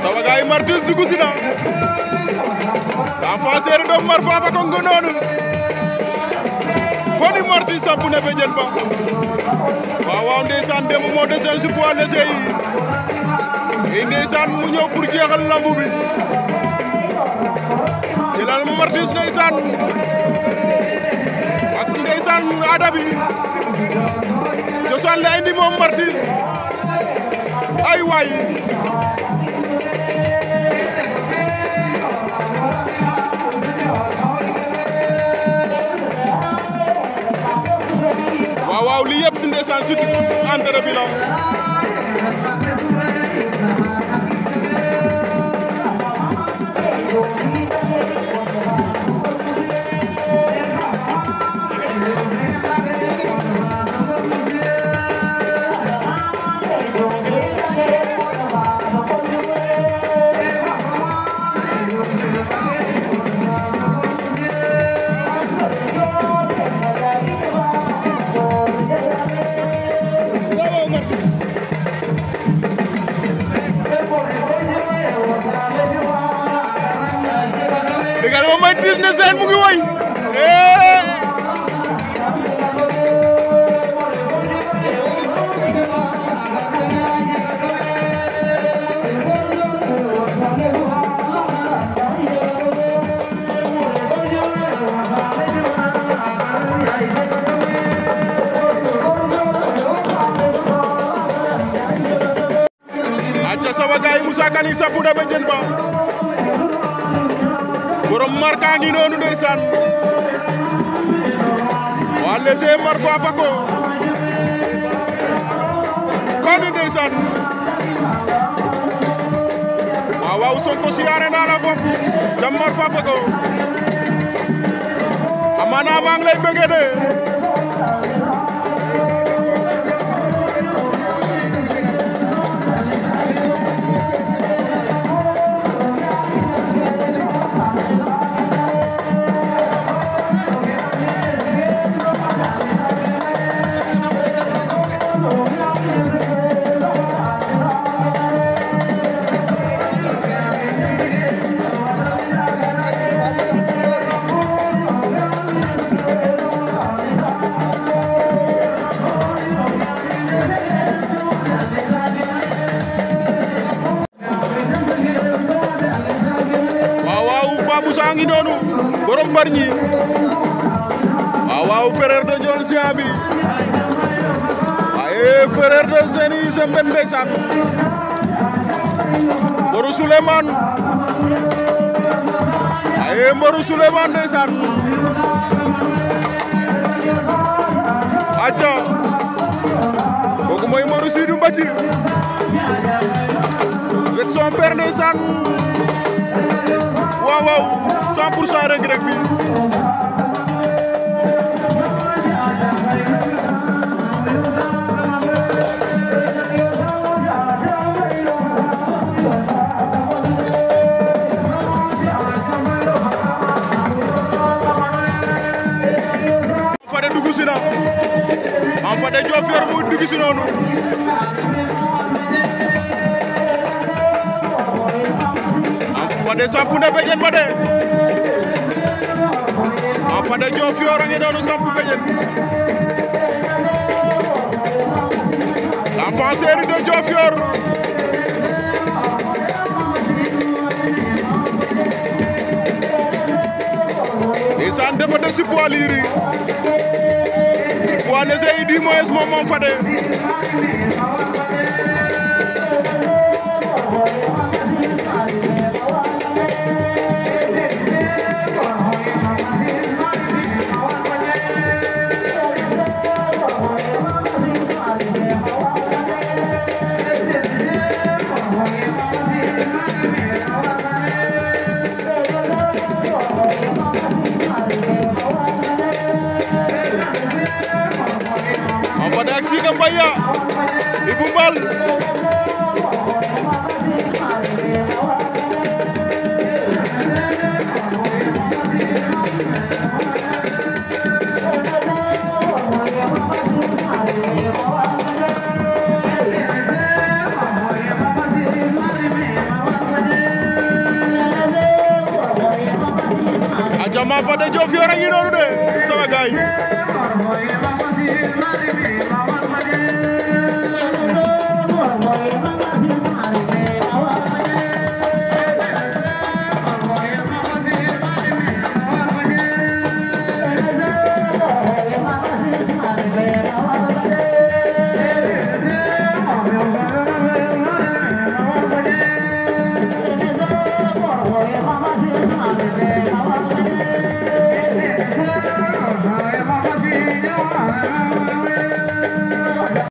Sama gay Martin dugg si da fa séeréer do Mar Fafa Congo noonu Koni Martin samp be jen ba waaw waaw ndeysaan démb moo deseen si poids sey yi san mu ñëw pour jeexal lambu bi dilal ma Martin san ak ndeysaan aada bi cosaan la indi mo Martin ay way Maguette Sène mu ngi woy Moussa Kani Sapou da ba ba Omar Ka ngi noonu ndeysaan waa les Mar Fafako kon ndeysaan waaw waaw Sonko siyaare naa la foofu jam Mar Fafako amaana maa ngi lay bëggee de Bargny waaw waaw frère de Ndiol Géant bi waaye frère de Zeni Sembène ndeysaan Mboru Souleymane waaye Mboru Souleymane ndeysaan acca kooku mooy Mboru Sidou Mbathie avec son père 100 pour cent Reug Reug bi Fade dugg si na Mame Fade Diofior mu dugg si noonu Fade sampu na bejen ba de a Fade Diouf yor a ngi noonu sampu l'enfant chéri de Diouf yor ndeysaan dafa des si poids di moins moom moom Fade Sika Mbayya Ibou Mbal Adja Mafate Diofior a ngi noonu de 哎，好啊。